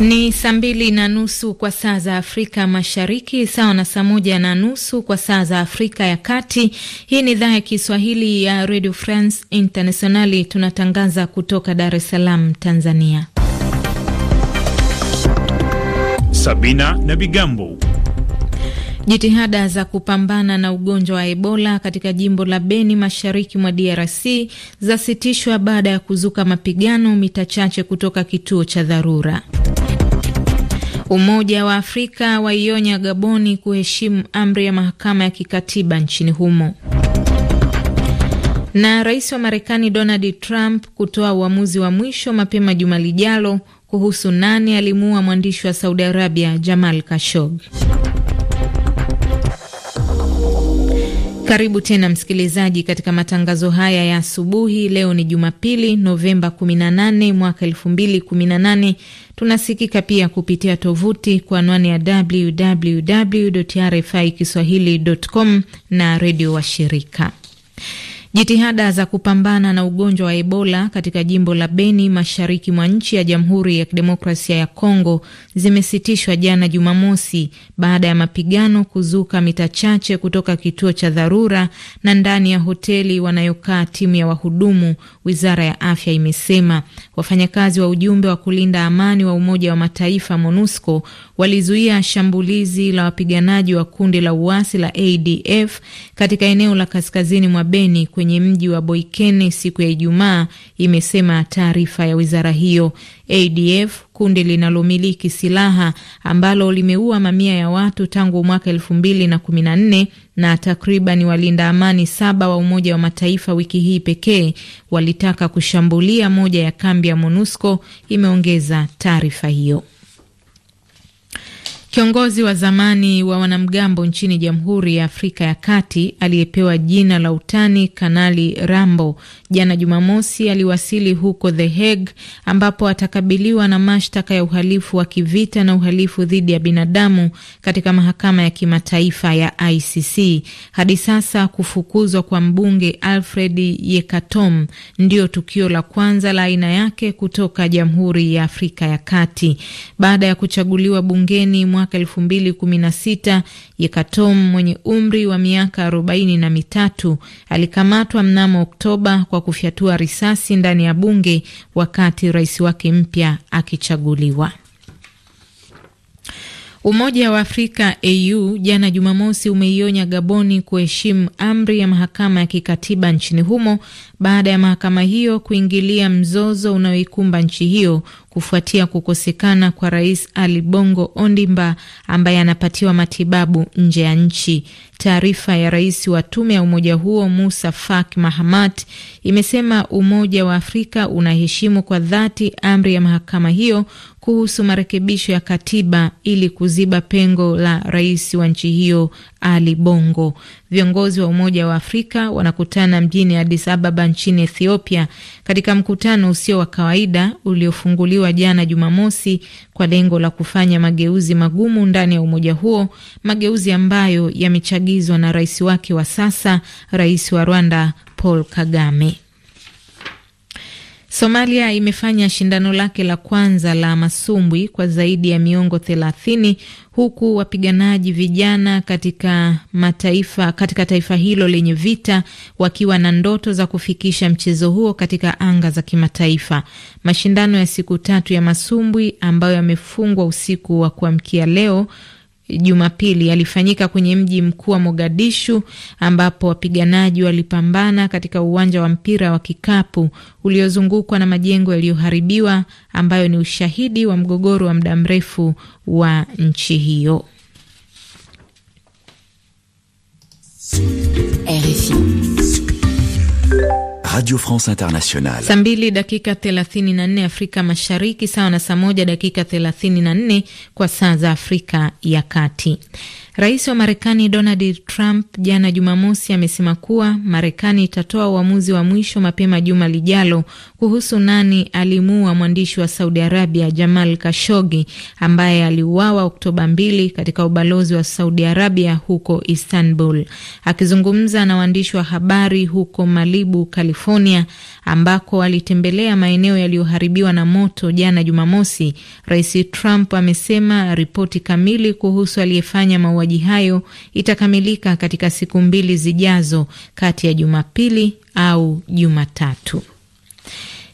Ni saa mbili na nusu kwa saa za Afrika Mashariki, sawa na saa moja na nusu kwa saa za Afrika ya Kati. Hii ni idhaa ya Kiswahili ya Radio France Internationali, tunatangaza kutoka Dar es Salaam, Tanzania. Sabina na Bigambo. Jitihada za kupambana na ugonjwa wa Ebola katika jimbo la Beni mashariki mwa DRC zasitishwa baada ya kuzuka mapigano mita chache kutoka kituo cha dharura. Umoja wa Afrika waionya Gaboni kuheshimu amri ya mahakama ya kikatiba nchini humo. Na rais wa Marekani Donald Trump kutoa uamuzi wa mwisho mapema juma lijalo kuhusu nani alimuua mwandishi wa Saudi Arabia Jamal Khashoggi. Karibu tena msikilizaji, katika matangazo haya ya asubuhi. Leo ni Jumapili, Novemba 18 mwaka 2018. Tunasikika pia kupitia tovuti kwa anwani ya www RFI kiswahili.com na redio wa shirika Jitihada za kupambana na ugonjwa wa Ebola katika jimbo la Beni mashariki mwa nchi ya Jamhuri ya Kidemokrasia ya Kongo zimesitishwa jana Jumamosi baada ya mapigano kuzuka mita chache kutoka kituo cha dharura na ndani ya hoteli wanayokaa timu ya wahudumu wizara ya afya imesema. Wafanyakazi wa ujumbe wa kulinda amani wa Umoja wa Mataifa MONUSCO walizuia shambulizi la wapiganaji wa kundi la uasi la ADF katika eneo la kaskazini mwa Beni kwenye mji wa Boikene siku ya Ijumaa, imesema taarifa ya wizara hiyo. ADF kundi linalomiliki silaha ambalo limeua mamia ya watu tangu mwaka elfu mbili na kumi na nne na takriban walinda amani saba wa Umoja wa Mataifa wiki hii pekee walitaka kushambulia moja ya kambi ya MONUSCO, imeongeza taarifa hiyo. Kiongozi wa zamani wa wanamgambo nchini Jamhuri ya Afrika ya Kati aliyepewa jina la utani Kanali Rambo jana Jumamosi aliwasili huko The Hague ambapo atakabiliwa na mashtaka ya uhalifu wa kivita na uhalifu dhidi ya binadamu katika mahakama ya kimataifa ya ICC. Hadi sasa kufukuzwa kwa mbunge Alfred Yekatom ndio tukio la kwanza la aina yake kutoka Jamhuri ya Afrika ya Kati baada ya kuchaguliwa bungeni mwaka elfu mbili kumi na sita. Yekatom mwenye umri wa miaka arobaini na mitatu alikamatwa mnamo Oktoba kwa kufyatua risasi ndani ya bunge wakati rais wake mpya akichaguliwa. Umoja wa Afrika AU jana Jumamosi umeionya Gaboni kuheshimu amri ya mahakama ya kikatiba nchini humo baada ya mahakama hiyo kuingilia mzozo unaoikumba nchi hiyo kufuatia kukosekana kwa Rais Ali Bongo Ondimba ambaye anapatiwa matibabu nje ya nchi. Taarifa ya rais wa tume ya umoja huo Musa Faki Mahamat imesema Umoja wa Afrika unaheshimu kwa dhati amri ya mahakama hiyo kuhusu marekebisho ya katiba ili kuziba pengo la rais wa nchi hiyo Ali Bongo. Viongozi wa Umoja wa Afrika wanakutana mjini Addis Ababa nchini Ethiopia katika mkutano usio wa kawaida uliofunguliwa jana Jumamosi kwa lengo la kufanya mageuzi magumu ndani ya umoja huo, mageuzi ambayo yamechagizwa na rais wake wa sasa, rais wa Rwanda Paul Kagame. Somalia imefanya shindano lake la kwanza la masumbwi kwa zaidi ya miongo thelathini huku wapiganaji vijana katika mataifa katika taifa hilo lenye vita wakiwa na ndoto za kufikisha mchezo huo katika anga za kimataifa. Mashindano ya siku tatu ya masumbwi ambayo yamefungwa usiku wa kuamkia leo Jumapili alifanyika kwenye mji mkuu wa Mogadishu ambapo wapiganaji walipambana katika uwanja wa mpira wa kikapu uliozungukwa na majengo yaliyoharibiwa ambayo ni ushahidi wa mgogoro wa muda mrefu wa nchi hiyo. RFI. Radio France Internationale. Saa mbili dakika 34 Afrika Mashariki, sawa na saa moja dakika 34 kwa saa za Afrika ya Kati. Rais wa Marekani Donald Trump jana Jumamosi amesema kuwa Marekani itatoa uamuzi wa mwisho mapema juma lijalo kuhusu nani alimuua mwandishi wa Saudi Arabia Jamal Kashogi ambaye aliuawa Oktoba 2 katika ubalozi wa Saudi Arabia huko Istanbul. Akizungumza na waandishi wa habari huko Malibu, California California ambako alitembelea maeneo yaliyoharibiwa na moto jana Jumamosi, Rais Trump amesema ripoti kamili kuhusu aliyefanya mauaji hayo itakamilika katika siku mbili zijazo, kati ya Jumapili au Jumatatu.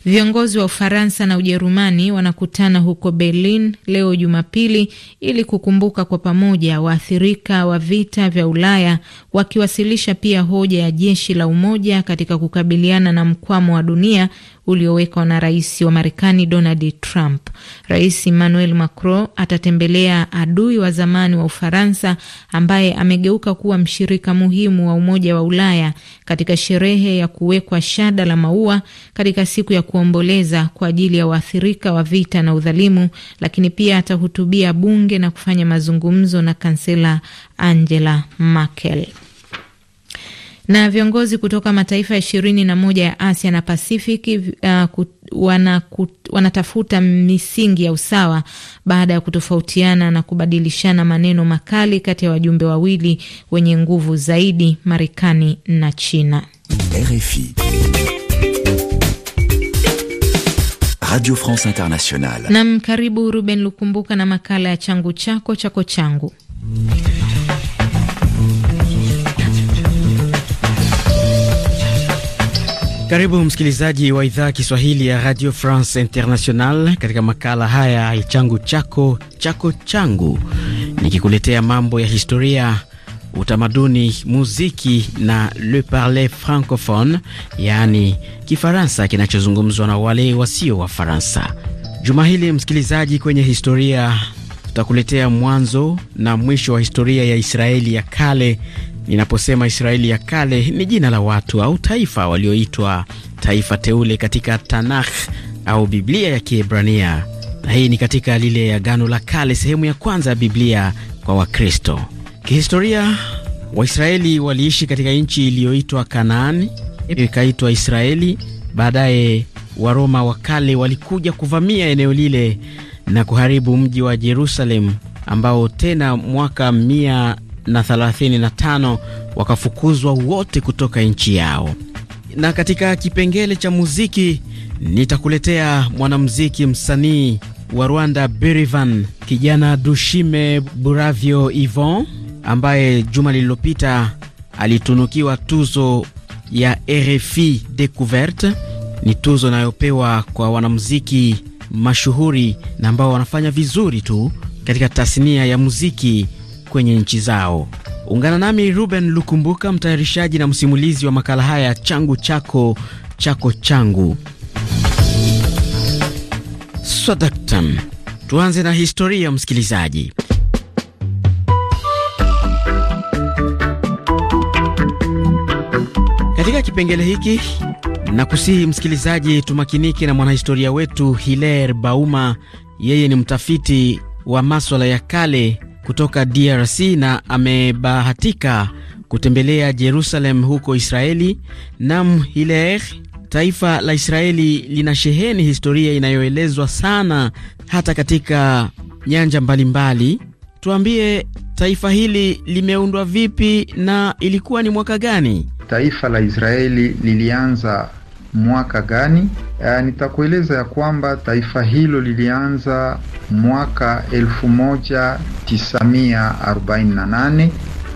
Viongozi wa Ufaransa na Ujerumani wanakutana huko Berlin leo Jumapili ili kukumbuka kwa pamoja waathirika wa vita vya Ulaya, wakiwasilisha pia hoja ya jeshi la umoja katika kukabiliana na mkwamo wa dunia uliowekwa na rais wa Marekani Donald Trump. Rais Emmanuel Macron atatembelea adui wa zamani wa Ufaransa ambaye amegeuka kuwa mshirika muhimu wa Umoja wa Ulaya katika sherehe ya kuwekwa shada la maua katika siku ya kuomboleza kwa ajili ya waathirika wa vita na udhalimu, lakini pia atahutubia bunge na kufanya mazungumzo na kansela Angela Merkel. Na viongozi kutoka mataifa ishirini na moja ya Asia na Pasifiki uh, kut, wana, kut, wanatafuta misingi ya usawa baada ya kutofautiana na kubadilishana maneno makali kati ya wajumbe wawili wenye nguvu zaidi, Marekani na China. RFI. Radio France Internationale. Nam, karibu Ruben Lukumbuka na makala ya changu chako chako changu. Karibu msikilizaji wa idhaa Kiswahili ya Radio France International katika makala haya ya changu chako chako changu, nikikuletea mambo ya historia, utamaduni, muziki na le parler francophone, yaani Kifaransa kinachozungumzwa na wale wasio wa Faransa. Juma hili msikilizaji, kwenye historia tutakuletea mwanzo na mwisho wa historia ya Israeli ya kale ninaposema Israeli ya kale ni jina la watu au taifa walioitwa taifa teule katika Tanakh au Biblia ya Kiebrania, na hii ni katika lile ya Agano la Kale, sehemu ya kwanza ya Biblia kwa Wakristo. Kihistoria, Waisraeli waliishi katika nchi iliyoitwa Kanaani, ikaitwa Israeli. Baadaye Waroma wa kale walikuja kuvamia eneo lile na kuharibu mji wa Jerusalem ambao tena mwaka mia na 35 wakafukuzwa wote kutoka nchi yao. Na katika kipengele cha muziki nitakuletea mwanamuziki msanii wa Rwanda Berivan, kijana Dushime Buravyo Ivon ambaye juma lililopita alitunukiwa tuzo ya RFI Decouverte. Ni tuzo inayopewa kwa wanamuziki mashuhuri na ambao wanafanya vizuri tu katika tasnia ya muziki kwenye nchi zao. Ungana nami Ruben Lukumbuka, mtayarishaji na msimulizi wa makala haya changu chako chako changu. Swadaktam, tuanze na historia, msikilizaji. Katika kipengele hiki na kusihi msikilizaji, tumakinike na mwanahistoria wetu Hilaire Bauma. Yeye ni mtafiti wa maswala ya kale kutoka DRC na amebahatika kutembelea Jerusalem huko Israeli. Nam Hiler, taifa la Israeli lina sheheni historia inayoelezwa sana hata katika nyanja mbalimbali mbali. Tuambie, taifa hili limeundwa vipi na ilikuwa ni mwaka gani? Taifa la Israeli lilianza mwaka gani? E, nitakueleza ya kwamba taifa hilo lilianza mwaka 1948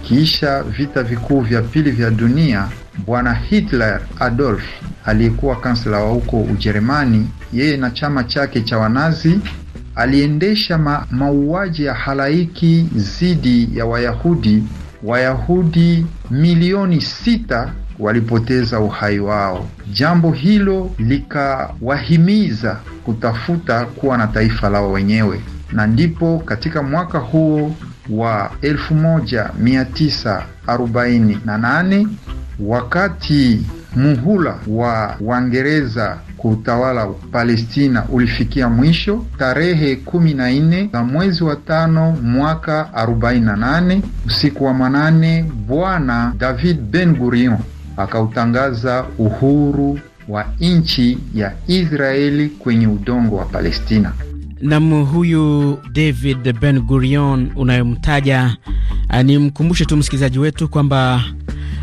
kisha vita vikuu vya pili vya dunia. Bwana Hitler Adolf aliyekuwa kansela wa huko Ujerumani, yeye na chama chake cha Wanazi aliendesha ma mauaji ya halaiki dhidi ya Wayahudi, Wayahudi milioni sita walipoteza uhai wao. Jambo hilo likawahimiza kutafuta kuwa na taifa lao wenyewe, na ndipo katika mwaka huo wa 1948 wakati muhula wa Waingereza utawala Palestina ulifikia mwisho tarehe kumi na nne za mwezi wa tano mwaka 48 usiku wa manane, Bwana David Ben Gurion akautangaza uhuru wa nchi ya Israeli kwenye udongo wa Palestina. Nam huyu David Ben Gurion unayomtaja eh, ni mkumbushe tu msikilizaji wetu kwamba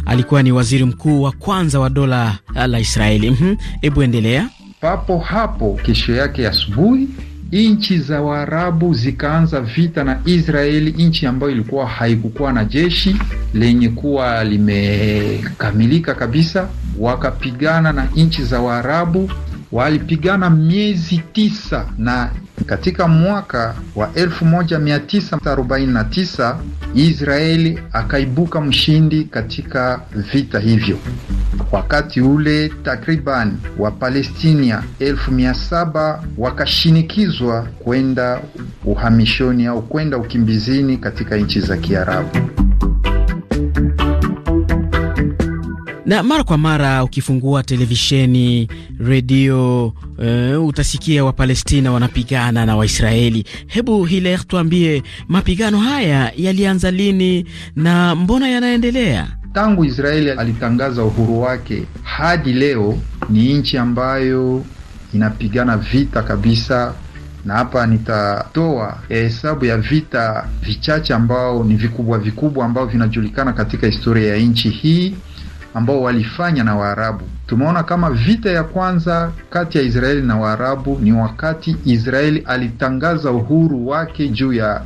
alikuwa ni waziri mkuu wa kwanza wa dola eh, la Israeli. Mhm, hebu endelea. Papo hapo kesho yake asubuhi ya nchi za Waarabu zikaanza vita na Israeli, nchi ambayo ilikuwa haikukuwa na jeshi lenye kuwa limekamilika kabisa. Wakapigana na nchi za Waarabu, walipigana miezi tisa, na katika mwaka wa 1949 Israeli akaibuka mshindi katika vita hivyo. Wakati ule takriban Wapalestinia elfu mia saba wakashinikizwa kwenda uhamishoni au kwenda ukimbizini katika nchi za Kiarabu. na mara kwa mara ukifungua televisheni, redio uh, utasikia Wapalestina wanapigana na Waisraeli. Hebu Hiler, tuambie mapigano haya yalianza lini na mbona yanaendelea? Tangu Israeli alitangaza uhuru wake hadi leo, ni nchi ambayo inapigana vita kabisa, na hapa nitatoa hesabu ya vita vichache ambao ni vikubwa vikubwa ambao vinajulikana katika historia ya nchi hii ambao walifanya na Waarabu. Tumeona kama vita ya kwanza kati ya Israeli na Waarabu ni wakati Israeli alitangaza uhuru wake juu ya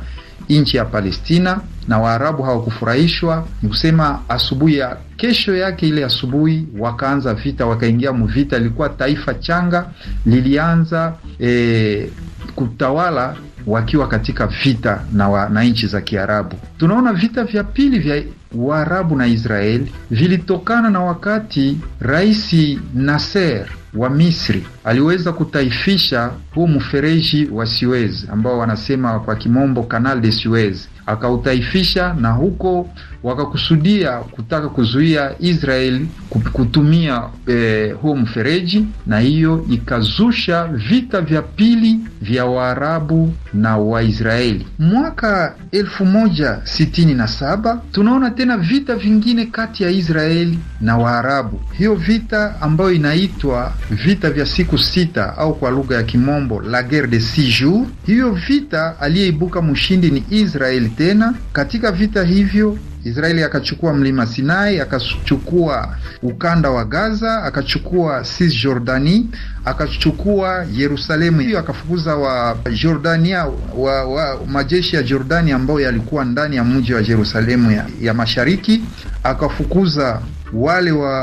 nchi ya Palestina na Waarabu hawakufurahishwa. Ni kusema asubuhi ya kesho yake ile asubuhi wakaanza vita, wakaingia muvita. Ilikuwa taifa changa lilianza e, kutawala wakiwa katika vita na, wa, na nchi za Kiarabu. Tunaona vita vya pili vya Waarabu na Israeli vilitokana na wakati Rais Nasser wa Misri aliweza kutaifisha huu mfereji wa Suez ambao wanasema kwa kimombo Canal de Suez, akautaifisha na huko wakakusudia kutaka kuzuia Israel kutumia e, huo mfereji, na hiyo ikazusha vita vya pili vya Waarabu na Waisraeli mwaka 1967 tunaona tena vita vingine kati ya Israeli na Waarabu. Hiyo vita ambayo inaitwa vita vya siku sita au kwa lugha ya Kimombo la guerre de six jours. Hiyo vita aliyeibuka mshindi ni Israeli tena katika vita hivyo Israeli akachukua mlima Sinai, akachukua ukanda wa Gaza, akachukua Cisjordani, akachukua Yerusalemu. Hiyo akafukuza wa Jordania wa, wa majeshi ya Jordani ambayo yalikuwa ndani ya mji wa Yerusalemu ya, ya mashariki, akafukuza wale wa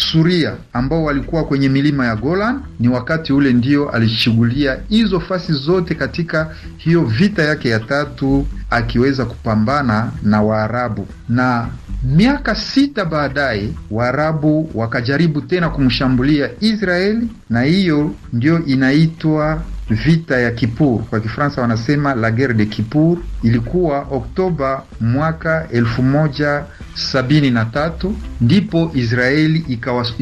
Suria ambao walikuwa kwenye milima ya Golan. Ni wakati ule ndio alishughulia hizo fasi zote katika hiyo vita yake ya tatu, akiweza kupambana na Waarabu na miaka sita baadaye Waarabu wakajaribu tena kumshambulia Israeli, na hiyo ndio inaitwa vita ya Kipur, kwa Kifaransa wanasema la guerre de Kipur, ilikuwa Oktoba mwaka elfu moja sabini na tatu ndipo Israeli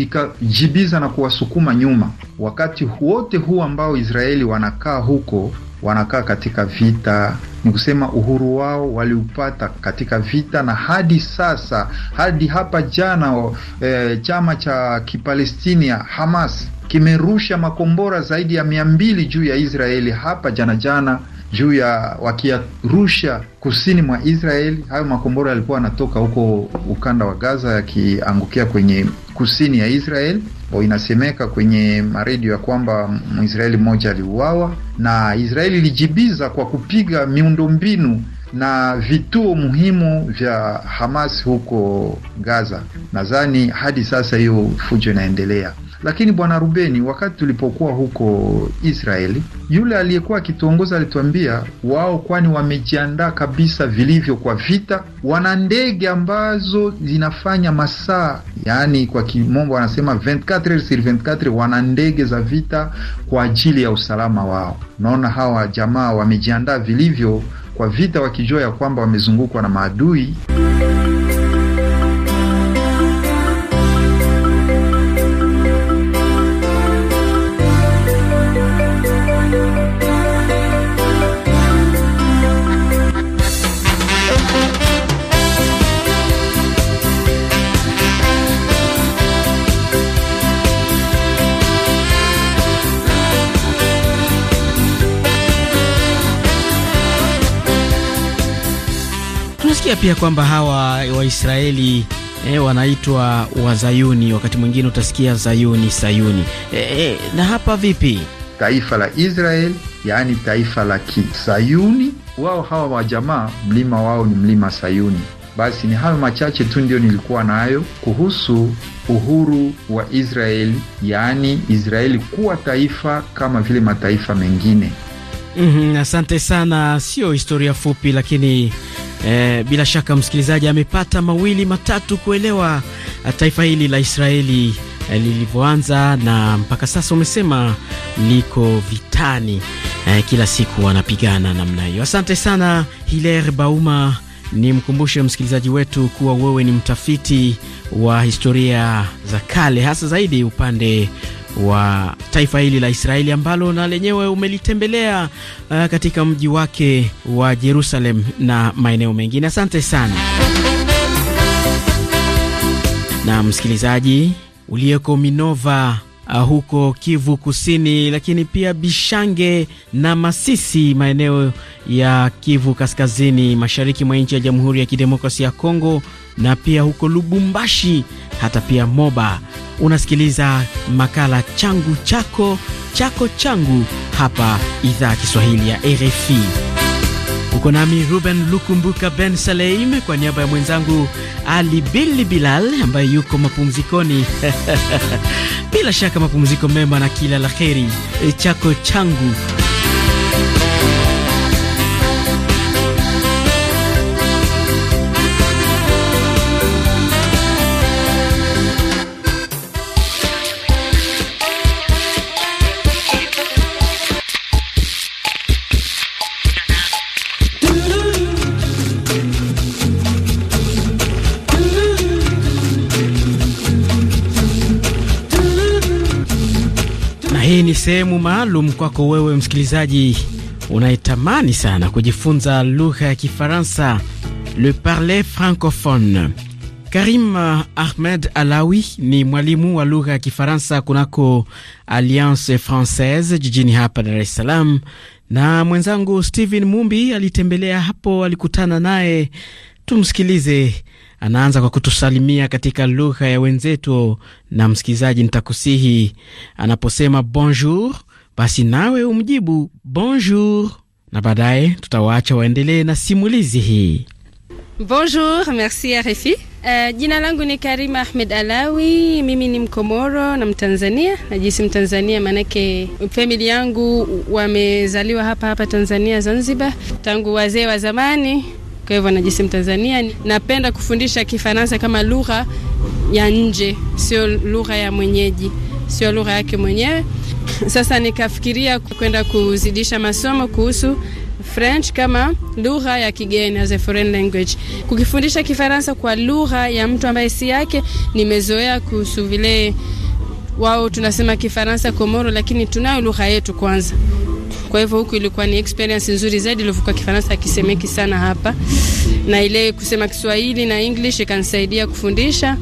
ikajibiza ika na kuwasukuma nyuma. Wakati wote huu ambao Israeli wanakaa huko wanakaa katika vita, ni kusema uhuru wao waliupata katika vita, na hadi sasa, hadi hapa jana, eh, chama cha Kipalestina Hamas kimerusha makombora zaidi ya mia mbili juu ya Israeli hapa jana jana juu ya wakiyarusha kusini mwa Israeli. Hayo makombora yalikuwa yanatoka huko ukanda wa Gaza yakiangukia kwenye kusini ya Israeli. Inasemeka kwenye maredio ya kwamba Mwisraeli mmoja aliuawa, na Israeli ilijibiza kwa kupiga miundombinu na vituo muhimu vya Hamas huko Gaza. Nadhani hadi sasa hiyo fujo inaendelea. Lakini bwana Rubeni, wakati tulipokuwa huko Israeli, yule aliyekuwa akituongoza alituambia wao, kwani wamejiandaa kabisa vilivyo kwa vita. Wana ndege ambazo zinafanya masaa, yani kwa kimombo wanasema 24 wana ndege za vita kwa ajili ya usalama wao. Naona hawa jamaa wamejiandaa vilivyo kwa vita, wakijua ya kwamba wamezungukwa na maadui. Nasikia pia kwamba hawa Waisraeli E, wanaitwa Wazayuni, wakati mwingine utasikia Zayuni, Sayuni. E, e, na hapa vipi? Taifa la Israel, yaani taifa la Kisayuni, wao hawa wajamaa, mlima wao ni mlima Sayuni. Basi ni hayo machache tu ndio nilikuwa nayo kuhusu uhuru wa Israeli, yaani Israeli kuwa taifa kama vile mataifa mengine. Mm -hmm, asante sana. Sio historia fupi, lakini E, bila shaka msikilizaji amepata mawili matatu kuelewa eh, taifa hili la Israeli eh, lilivyoanza na mpaka sasa umesema liko vitani e, kila siku wanapigana namna hiyo. Asante sana Hilaire Bauma. ni mkumbushe msikilizaji wetu kuwa wewe ni mtafiti wa historia za kale hasa zaidi upande wa taifa hili la Israeli ambalo na lenyewe umelitembelea uh, katika mji wake wa Jerusalem na maeneo mengine. Asante sana na msikilizaji uliyeko Minova Uh, huko Kivu Kusini, lakini pia Bishange na Masisi, maeneo ya Kivu Kaskazini, mashariki mwa nchi ya Jamhuri ya Kidemokrasia ya Kongo na pia huko Lubumbashi, hata pia Moba. Unasikiliza makala changu chako chako changu hapa idhaa Kiswahili ya RFI. Uko nami Ruben Lukumbuka Ben Saleim kwa niaba ya mwenzangu Ali Bili Bilal ambaye yuko mapumzikoni. Bila shaka mapumziko mema na kila la heri. E, chako changu hii ni sehemu maalum kwako wewe msikilizaji unayetamani sana kujifunza lugha ya Kifaransa, le parler francophone. Karim Ahmed Alawi ni mwalimu wa lugha ya Kifaransa kunako Alliance Francaise jijini hapa Dar es Salaam, na mwenzangu Steven Mumbi alitembelea hapo, alikutana naye. Tumsikilize Anaanza kwa kutusalimia katika lugha ya wenzetu, na msikilizaji, nitakusihi anaposema bonjour, basi nawe umjibu bonjour, na baadaye tutawaacha waendelee na simulizi hii. Bonjour, merci RFI. Uh, eh, jina langu ni Karima Ahmed Alawi, mimi ni Mkomoro na Mtanzania, najisi Mtanzania maanake famili yangu wamezaliwa hapa hapa Tanzania Zanzibar, tangu wazee wa zamani kwa hivyo najisi Mtanzania, napenda kufundisha Kifaransa kama lugha ya nje, sio lugha ya mwenyeji, sio lugha yake mwenyewe. Sasa nikafikiria kwenda kuzidisha masomo kuhusu French kama lugha ya kigeni as a foreign language. Kukifundisha Kifaransa kwa lugha ya mtu ambaye si yake, nimezoea kuhusu vile wao tunasema Kifaransa Komoro, lakini tunayo lugha yetu kwanza. Kwa hivyo huku ilikuwa ni experience nzuri zaidi. Ilivyokuwa Kifaransa akisemeki sana hapa, na ile kusema Kiswahili na English ikanisaidia kufundisha,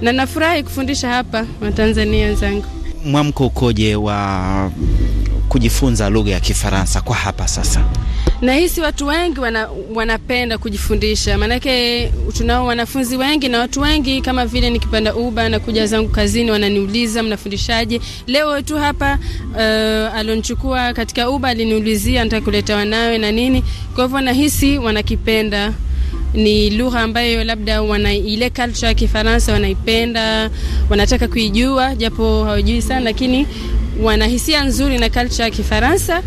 na nafurahi kufundisha hapa Watanzania wenzangu. Mwamko ukoje wa kujifunza lugha ya Kifaransa kwa hapa sasa? Nahisi watu wengi wana, wanapenda kujifundisha, maanake tunao wanafunzi wengi na watu wengi, kama vile nikipanda uba na kuja zangu kazini wananiuliza mnafundishaje? Leo tu hapa uh, eh, alonichukua katika uba aliniulizia nataka kuleta wanawe na nini, kwa hivyo nahisi wanakipenda ni lugha ambayo labda wana ile culture ya Kifaransa wanaipenda, wanataka kuijua, japo hawajui sana, lakini wana hisia nzuri na culture ya Kifaransa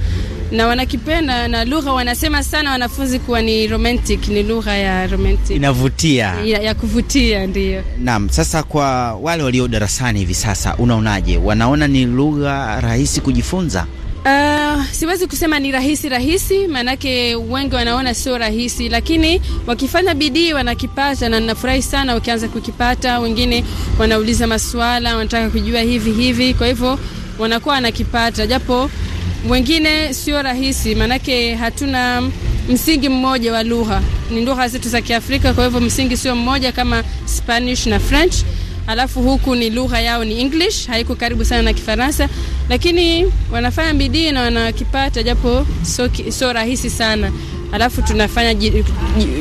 na wanakipenda na lugha, wanasema sana wanafunzi kuwa ni romantic, ni lugha ya romantic, inavutia ya, ya kuvutia ndiyo. Naam, sasa kwa wale walio darasani hivi sasa, unaonaje, wanaona ni lugha rahisi kujifunza? Uh, siwezi kusema ni rahisi rahisi, maanake wengi wanaona sio rahisi, lakini wakifanya bidii wanakipata, na ninafurahi sana wakianza kukipata. Wengine wanauliza maswala, wanataka kujua hivi hivi, kwa hivyo wanakuwa wanakipata japo wengine sio rahisi, maanake hatuna msingi mmoja wa lugha. Ni lugha zetu za Kiafrika, kwa hivyo msingi sio mmoja kama Spanish na French. Alafu huku ni lugha yao ni English, haiko karibu sana na Kifaransa, lakini wanafanya bidii na wanakipata, japo sio so rahisi sana. Alafu tunafanya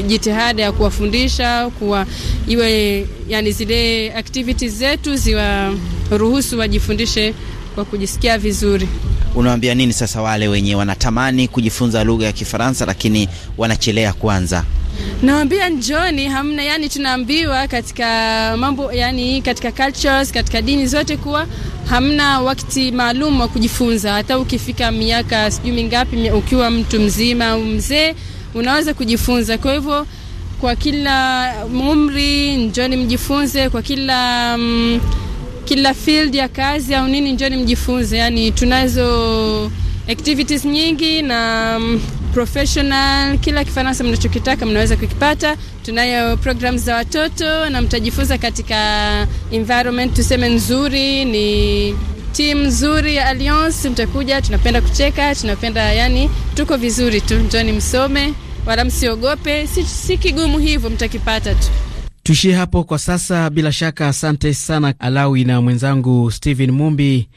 jitihada ya kuwafundisha kuwa iwe, yani zile activities zetu ziwaruhusu wajifundishe kwa kujisikia vizuri unawaambia nini sasa wale wenye wanatamani kujifunza lugha ya Kifaransa lakini wanachelea kwanza? nawambia njoni, hamna. Yani tunaambiwa katika mambo, yani katika cultures, katika dini zote kuwa hamna wakati maalum wa kujifunza. Hata ukifika miaka sijui mingapi, ukiwa mtu mzima au mzee, unaweza kujifunza. Kwa hivyo kwa kila umri, njoni mjifunze kwa kila mm, kila field ya kazi au nini, njoni mjifunze. Yani tunazo activities nyingi na mm, professional, kila kifaransa mnachokitaka mnaweza kukipata. Tunayo programs za watoto na mtajifunza katika environment tuseme nzuri, ni team nzuri ya Alliance. Mtakuja, tunapenda kucheka, tunapenda yani, tuko vizuri tu. Njoni msome, wala msiogope, si, si kigumu hivyo, mtakipata tu. Tuishie hapo kwa sasa. Bila shaka, asante sana Alawi na mwenzangu stehen Mumbi,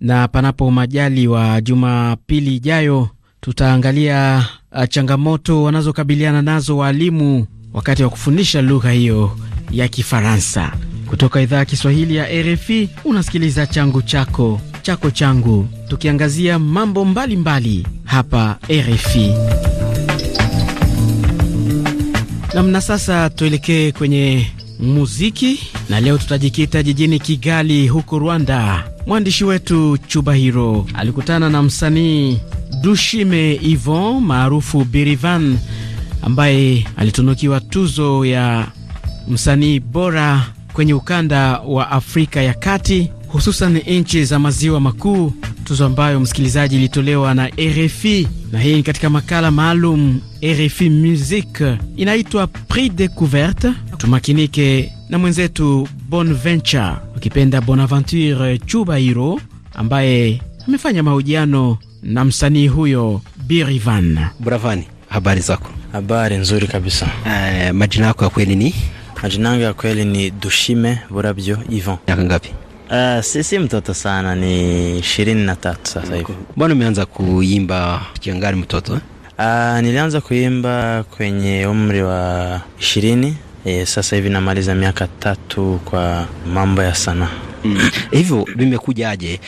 na panapo majali wa Jumapili ijayo tutaangalia uh, changamoto wanazokabiliana nazo waalimu wakati wa kufundisha lugha hiyo ya Kifaransa. Kutoka idhaa ya Kiswahili ya RFI unasikiliza changu chako chako changu, tukiangazia mambo mbalimbali mbali hapa RFI. Namna sasa, tuelekee kwenye muziki na leo tutajikita jijini Kigali huko Rwanda. Mwandishi wetu Chubahiro alikutana na msanii Dushime Yvon maarufu Birivan ambaye alitunukiwa tuzo ya msanii bora kwenye ukanda wa Afrika ya Kati, hususan nchi za maziwa makuu tuzo ambayo msikilizaji ilitolewa na RFI na hii ni katika makala maalum RFI Musique inaitwa Prix Decouverte. Tumakinike na mwenzetu Bonventure, ukipenda Bonaventure Chubairo, ambaye amefanya mahojiano na msanii huyo Birivan. Bravani, habari zako? Habari nzuri kabisa. Uh, majina yako ya kweli ni? Majina yangu ya kweli ni Dushime Burabyo Ivan. Miaka ngapi? Uh, si mtoto sana, ni ishirini na tatu sasa hivi. Bwana, umeanza kuimba kiangani mtoto eh? Uh, nilianza kuimba kwenye umri wa ishirini. E, sasa hivi namaliza miaka tatu kwa mambo ya sanaa mm. hivyo. Vimekujaje?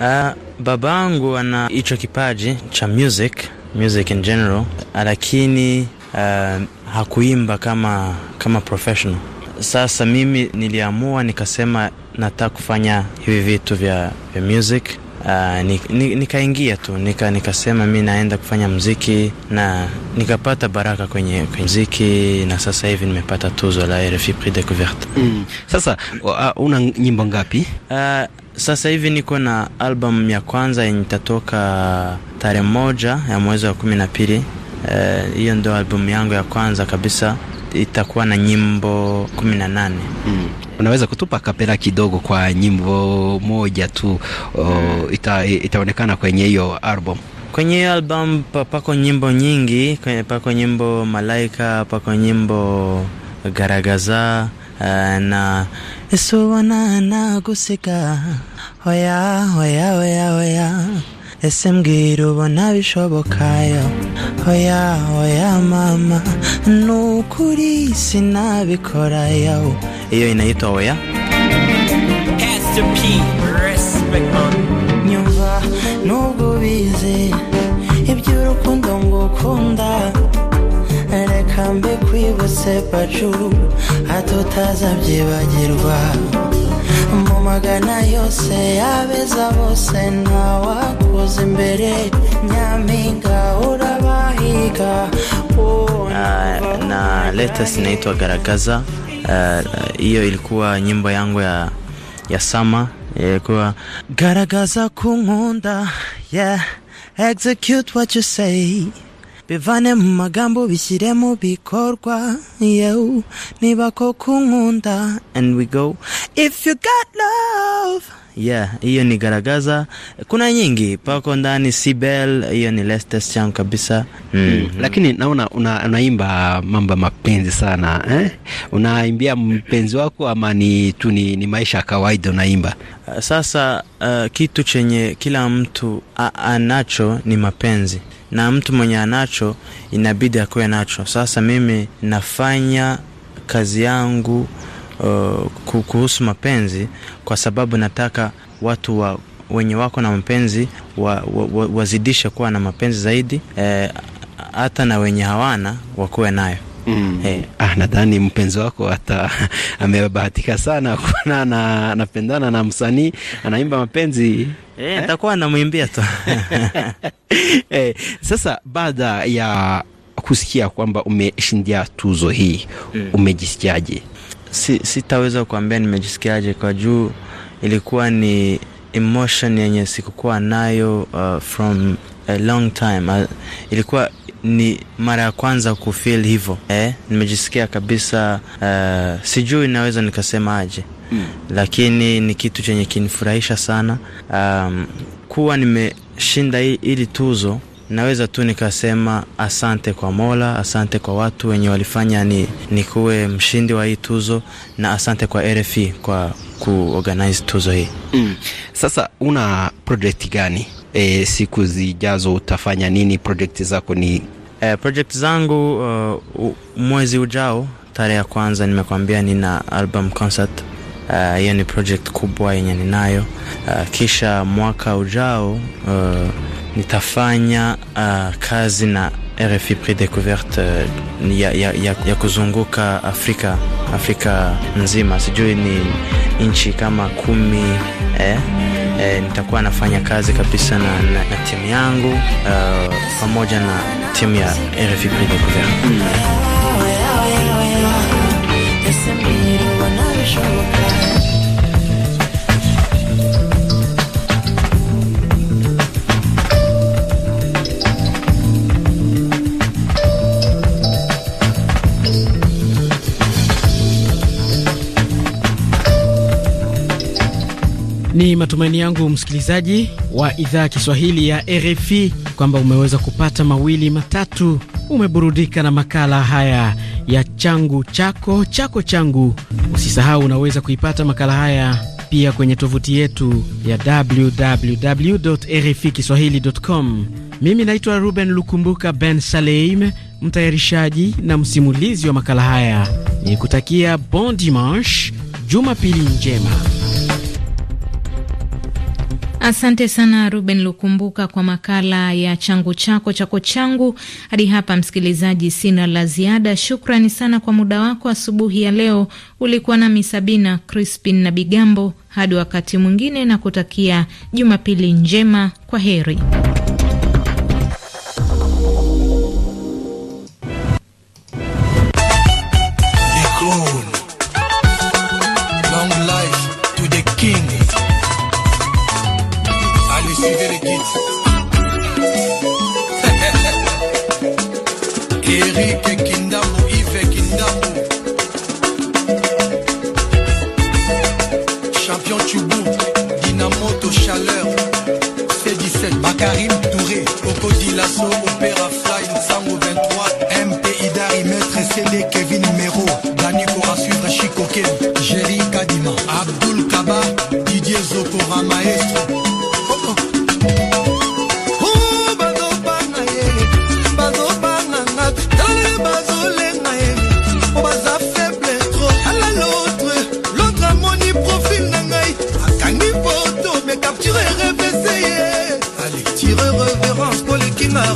Uh, eh, babangu ana hicho kipaji cha music, music in general, lakini uh, hakuimba kama, kama professional sasa mimi niliamua nikasema, nataka kufanya hivi vitu vya, vya music Uh, nikaingia tu nika, nikasema mi naenda kufanya mziki na nikapata baraka kwenye, kwenye mziki na sasa hivi nimepata tuzo la RFI Prix Decouverte. Mm. Sasa uh, una nyimbo ngapi? Uh, sasa hivi niko na albamu ya kwanza yenye itatoka tarehe moja ya mwezi wa kumi na pili. Ah, hiyo uh, ndio albamu yangu ya kwanza kabisa itakuwa na nyimbo kumi na nane. Mm. Unaweza kutupa kapela kidogo kwa nyimbo moja tu o, mm. ita, itaonekana kwenye hiyo album? Kwenye hiyo album pako nyimbo nyingi, pako nyimbo Malaika, pako nyimbo Garagaza eh, na Yesu wana nagusika hoya hoya hoya hoya ese mbwira ubona bishoboka yo oya oya mama ni ukuri sinabikora yo iyo inaitwa oya nyumva nubwo ubizi iby'urukundo ngo ukunda ntambe kwibutse pacu hato utazabyibagirwa mu magana yose yabeza bose ntawakoze imbere nyampinga urabahiga na latest inaitwa garagaza hiyo eh, uh, ilikuwa nyimbo yangu ya, ya sama ilikuwa eh, garagaza kunkunda yeah execute what you say bivane mu magambo bishyire mu bikorwa yewe niba ko kunkunda and we go if you got love yeah hiyo ni garagaza kuna nyingi pako ndani sibel hiyo ni latest changu kabisa mm. Mm. lakini naona unaimba una, mambo ya mapenzi sana eh? unaimbia mpenzi wako ama ni tu ni, ni maisha ya kawaida unaimba sasa uh, kitu chenye kila mtu anacho ni mapenzi na mtu mwenye anacho inabidi akuwe nacho. Sasa mimi nafanya kazi yangu uh, kuhusu mapenzi kwa sababu nataka watu wa, wenye wako na mapenzi wa, wa, wa, wazidishe kuwa na mapenzi zaidi, eh, hata eh, na wenye hawana wakuwe nayo. Mm. Eh, ah, nadhani mpenzi wako hata amebahatika sana kuona na anapendana na msanii anaimba mapenzi. eh, atakuwa eh? anamwimbia tu. Eh, sasa baada ya kusikia kwamba umeshindia tuzo hii mm. Umejisikiaje? Si, sitaweza kuambia nimejisikiaje kwa juu ilikuwa ni emotion yenye sikukuwa nayo uh, from a long time uh, ilikuwa ni mara ya kwanza kufil hivyo eh, nimejisikia kabisa uh, sijui naweza nikasema aje mm. Lakini ni kitu chenye kinifurahisha sana um, kuwa nimeshinda hili tuzo naweza tu nikasema asante kwa Mola, asante kwa watu wenye walifanya ni nikuwe mshindi wa hii tuzo, na asante kwa rf kwa kuorganize tuzo hii mm. Sasa una projekti gani e, siku zijazo utafanya nini? Project zako ni e? Project zangu uh, mwezi ujao tarehe ya kwanza nimekwambia nina album concert eh, hiyo uh, ni project kubwa yenye ninayo uh, kisha mwaka ujao uh, nitafanya uh, kazi na RFI Prix Decouverte uh, ya, ya, ya, ya kuzunguka Afrika Afrika nzima, sijui ni nchi kama kumi eh? e, nitakuwa nafanya kazi kabisa na, na, na timu yangu uh, pamoja na timu ya RFI Prix mm. Ni matumaini yangu msikilizaji wa idhaa Kiswahili ya RFI kwamba umeweza kupata mawili matatu, umeburudika na makala haya ya changu chako chako changu. Usisahau, unaweza kuipata makala haya pia kwenye tovuti yetu ya www RFI kiswahilicom. Mimi naitwa Ruben Lukumbuka Ben Saleim, mtayarishaji na msimulizi wa makala haya. ni kutakia bon dimanche, jumapili njema. Asante sana Ruben Lukumbuka kwa makala ya changu chako chako changu. Hadi hapa msikilizaji, sina la ziada. Shukrani sana kwa muda wako asubuhi ya leo. Ulikuwa nami Sabina Crispin na Bigambo. Hadi wakati mwingine, na kutakia Jumapili njema. Kwa heri. Avion Dynamo Dinamoto Chaleur, C17, Bakarim Touré, Oko Dilasso, Opéra Fly, Sango 23, MP Idari, Maître CD, Kevin Mero, Dani Kora suivre Chico Ken, Jerry Kadima, Abdul Kaba, Didier Zokora Maestro.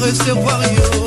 recevoir YouTube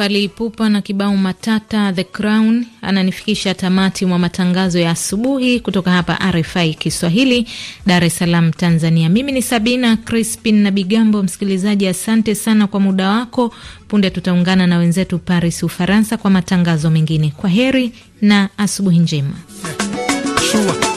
Fally Pupa na kibao Matata The Crown ananifikisha tamati mwa matangazo ya asubuhi kutoka hapa RFI Kiswahili, Dar es Salaam, Tanzania. Mimi ni Sabina Crispin na Bigambo. Msikilizaji, asante sana kwa muda wako. Punde tutaungana na wenzetu Paris, Ufaransa, kwa matangazo mengine. Kwa heri na asubuhi njema. sure.